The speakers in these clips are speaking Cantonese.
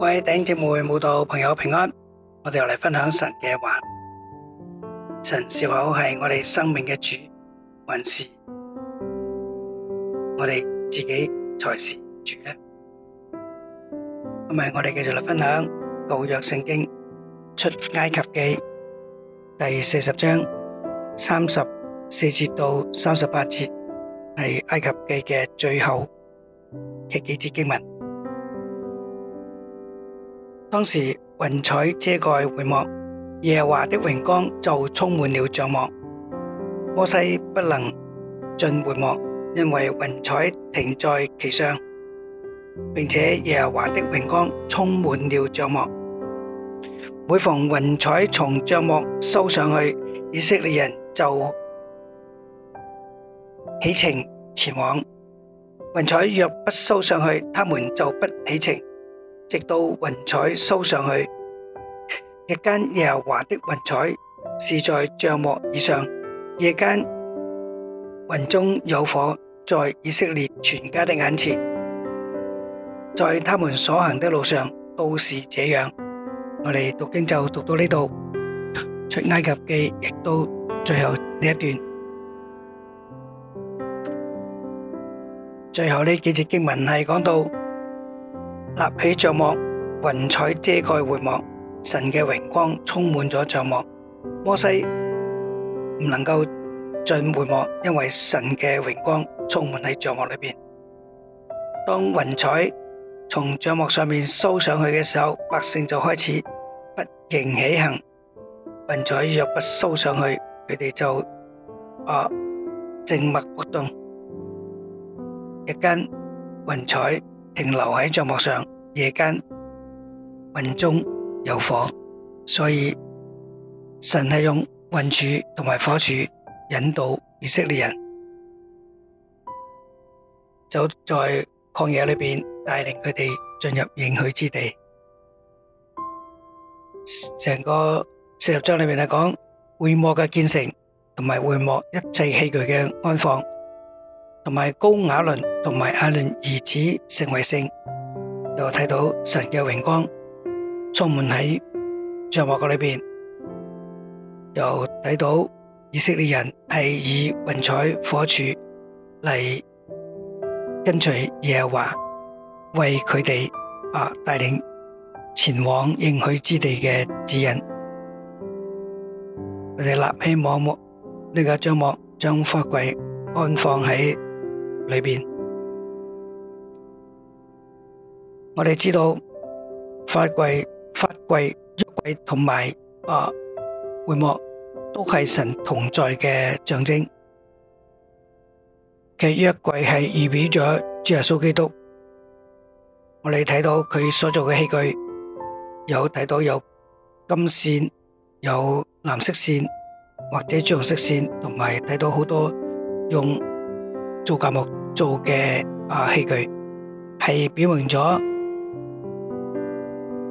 各位弟兄姐妹、舞蹈朋友平安，我哋又嚟分享神嘅話，神口是否係我哋生命嘅主，還是我哋自己才是主呢？今日我哋繼續嚟分享舊約聖經出埃及記第四十章三十四節到三十八節，係埃及記嘅最後嘅幾節經文。當時，雲彩遮蓋會幕，耶和華的榮光就充滿了帳幕。摩西不能進會幕，因為雲彩停在其上，並且耶和華的榮光充滿了帳幕。每逢雲彩從帳幕收上去，以色列人就起程前往。雲彩若不收上去，他們就不起程。直到雲彩收上去，日間耶和華的雲彩是在帳幕以上；夜間雲中有火，在以色列全家的眼前，在他們所行的路上，都是這樣。我哋讀經就讀到呢度，《出埃及記》亦到最後呢一段。最後呢幾節經文係講到。立起帳幕，雲彩遮蓋會幕，神嘅榮光充滿咗帳幕。摩西唔能夠進會幕，因為神嘅榮光充滿喺帳幕裏邊。當雲彩從帳幕上面收上去嘅時候，百姓就開始不停起行。雲彩若不收上去，佢哋就啊靜默活動。一間雲彩。停留喺帳幕上，夜間雲中有火，所以神係用雲柱同埋火柱引導以色列人走在曠野裏面，帶領佢哋進入應許之地。成個四十章裏面嚟講，會幕嘅建成同埋會幕一切器具嘅安放。同埋高雅倫同埋阿倫兒子成為聖，又睇到神嘅榮光充滿喺帳幕個裏邊，又睇到以色列人係以雲彩、火柱嚟跟隨耶和華，為佢哋啊帶領前往應許之地嘅指引。佢哋立起網幕呢、這個帳幕，將法櫃安放喺。裏邊，我哋知道法櫃、法櫃約櫃同埋啊會幕都係神同在嘅象徵。其實約櫃係預表咗主耶穌基督。我哋睇到佢所做嘅器具，有睇到有金線、有藍色線或者朱紅色線，同埋睇到好多用做甲木。做嘅啊器具係表明咗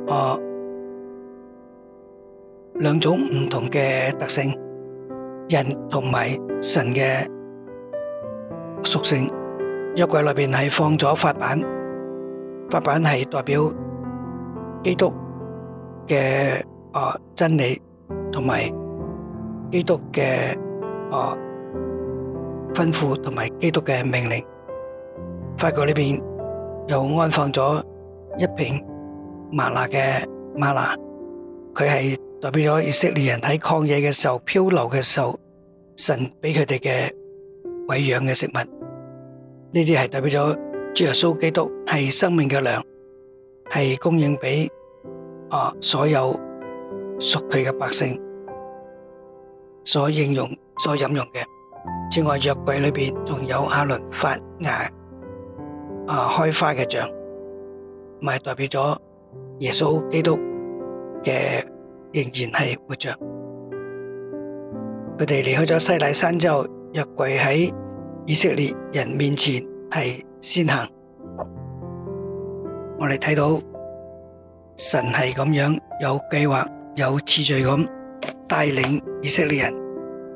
啊兩種唔同嘅特性，人同埋神嘅屬性。約櫃裏邊係放咗法版，法版係代表基督嘅啊真理，同埋基督嘅啊吩咐，同埋基督嘅命令。約櫃呢邊又安放咗一瓶嗎哪嘅嗎哪，佢係代表咗以色列人喺曠野嘅時候漂流嘅時候，神俾佢哋嘅餵養嘅食物。呢啲係代表咗主耶穌基督係生命嘅糧，係供應俾啊所有屬佢嘅百姓所應用、所飲用嘅。此外，約櫃裏邊仲有亞倫發芽。啊！開花嘅像，咪代表咗耶穌基督嘅仍然係活着。佢哋離開咗西奈山之後約櫃喺以色列人面前係先行。我哋睇到神係咁樣有計劃、有次序咁帶領以色列人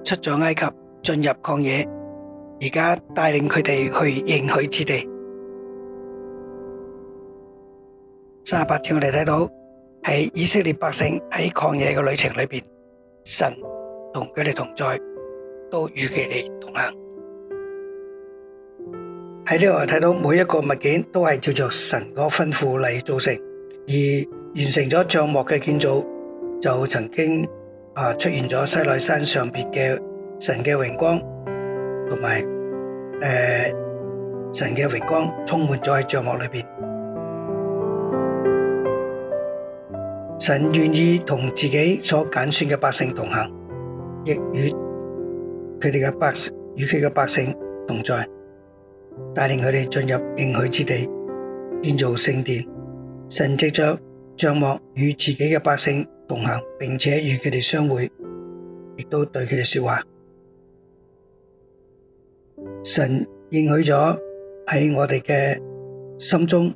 出咗埃及，進入曠野，而家帶領佢哋去應許之地。三十八天，我哋睇到喺以色列百姓喺曠野嘅旅程裏邊，神同佢哋同在，都與佢哋同行。喺呢度我哋睇到每一個物件都係叫做神個吩咐嚟做成，而完成咗帳幕嘅建造，就曾經啊出現咗西奈山上邊嘅神嘅榮光，同埋誒神嘅榮光充滿咗在帳幕裏邊。神願意同自己所揀選的百姓同行，亦與他們的百，與他們的百姓同在，帶領他們進入應許之地，建造聖殿。神藉著帳幕與自己的百姓同行，並且與他們相會，亦都對他們說話。神應許咗在我們的心中,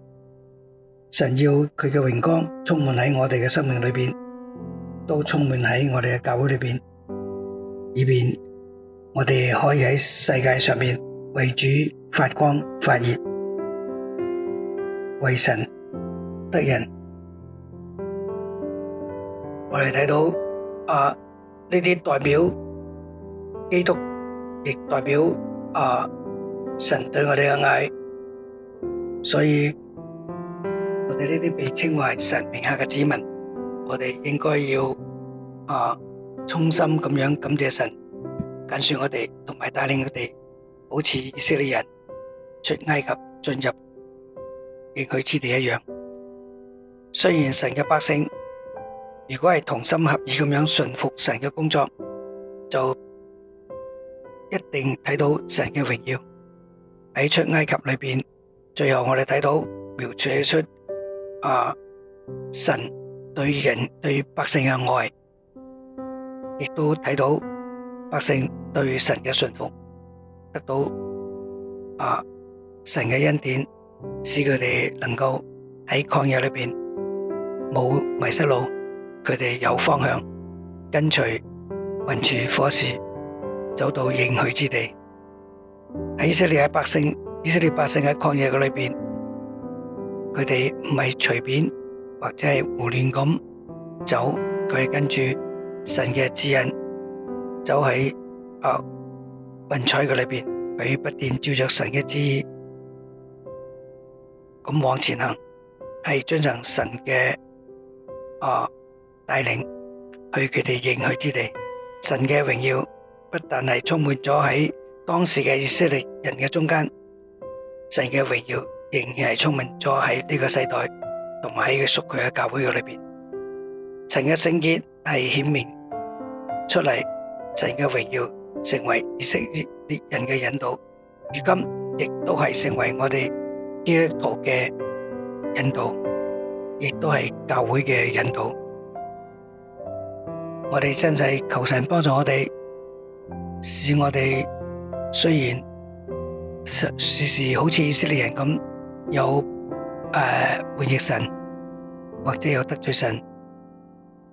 神要佢嘅榮光充滿喺我哋嘅生命裏邊，都充滿喺我哋嘅教會裏邊，以便我哋可以喺世界上面為主發光發熱，為神得人。我哋睇到啊呢啲代表基督，亦代表啊神對我哋嘅愛，所以。我哋呢啲被稱為神名下嘅子民，我哋應該要啊，衷心咁樣感謝神，揀選我哋同埋帶領我哋，好似以色列人出埃及進入應許之地一樣。雖然神嘅百姓如果係同心合意咁樣順服神嘅工作，就一定睇到神嘅榮耀喺出埃及裏邊。最後我哋睇到描寫出啊！神對人對百姓嘅愛，亦都睇到百姓對神嘅信服，得到啊神嘅恩典，使佢哋能夠喺曠野裏面冇迷失路，佢哋有方向，跟隨雲柱火柱走到應許之地。喺以色列百姓，以色列百姓喺曠野嘅裏面。佢哋唔係隨便或者係胡亂咁走，佢係跟住神嘅指引走喺啊雲彩嘅裏邊，佢不斷照着神嘅旨意咁往前行，係遵行神嘅啊帶領去佢哋應許之地。神嘅榮耀不但係充滿咗喺當時嘅以色列人嘅中間，神嘅榮耀。仍然係充滿咗喺呢個世代，同埋喺佢屬佢嘅教會裏邊，神嘅聖潔係顯明出嚟，神嘅榮耀成為以色列人嘅引導，如今亦都係成為我哋基督徒嘅引導，亦都係教會嘅引導。我哋真係求神幫助我哋，使我哋雖然時時好似以色列人咁。有誒、呃，叛逆神，或者有得罪神，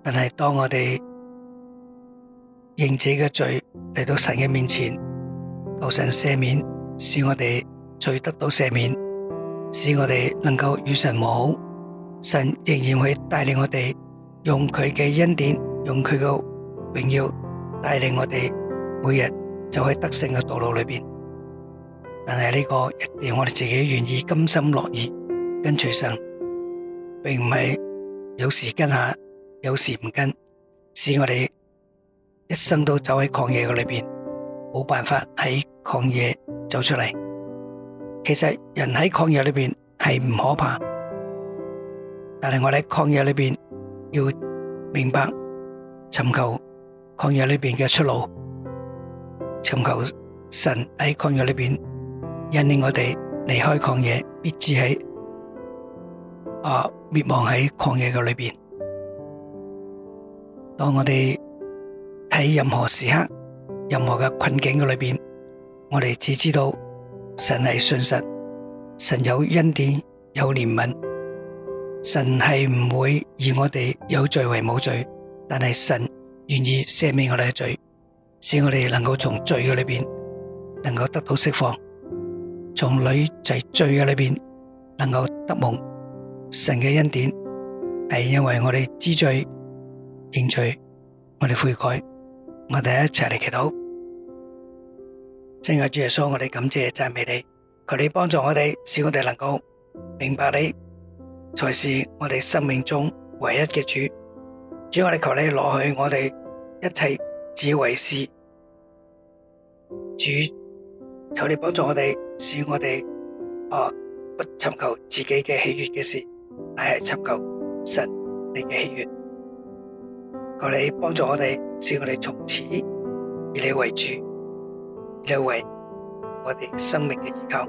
但係當我哋認自己嘅罪嚟到神嘅面前，求神赦免，使我哋罪得到赦免，使我哋能夠與神和好，神仍然會帶領我哋用佢嘅恩典，用佢嘅榮耀帶領我哋每日就喺得勝嘅道路裏邊。但係呢個一定要我哋自己願意甘心樂意跟隨神，並唔係有時跟下，有時唔跟，使我哋一生都走喺曠野裏邊，冇辦法喺曠野走出嚟。其實人喺曠野裏邊係唔可怕，但係我哋喺曠野裏邊要明白尋求曠野裏邊嘅出路，尋求神喺曠野裏邊。引領我哋離開曠野，必志喺啊，滅亡喺曠野嘅裏邊。當我哋喺任何時刻、任何嘅困境嘅裏邊，我哋只知道神係信實，神有恩典有憐憫，神係唔會以我哋有罪為冇罪，但係神願意赦免我哋嘅罪，使我哋能夠從罪嘅裏邊能夠得到釋放。從罪罪嘅裏面能夠得蒙神嘅恩典，係因為我哋知罪認罪，我哋悔改，我哋一齊嚟祈禱。親愛主耶穌，我哋感謝讚美你，求你幫助我哋，使我哋能夠明白你才是我哋生命中唯一嘅主。主，主，我哋求你攞去我哋一切自以為是，主。求你幫助我哋，使我哋，啊，不尋求自己嘅喜悦嘅事，但係尋求神你嘅喜悦。求你幫助我哋，使我哋從此以你為主，以你為我哋生命嘅依靠。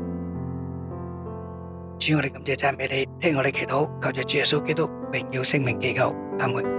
主，我哋感謝讚美你，聽我哋祈禱，求着主耶穌基督榮耀聖名，祈求阿門。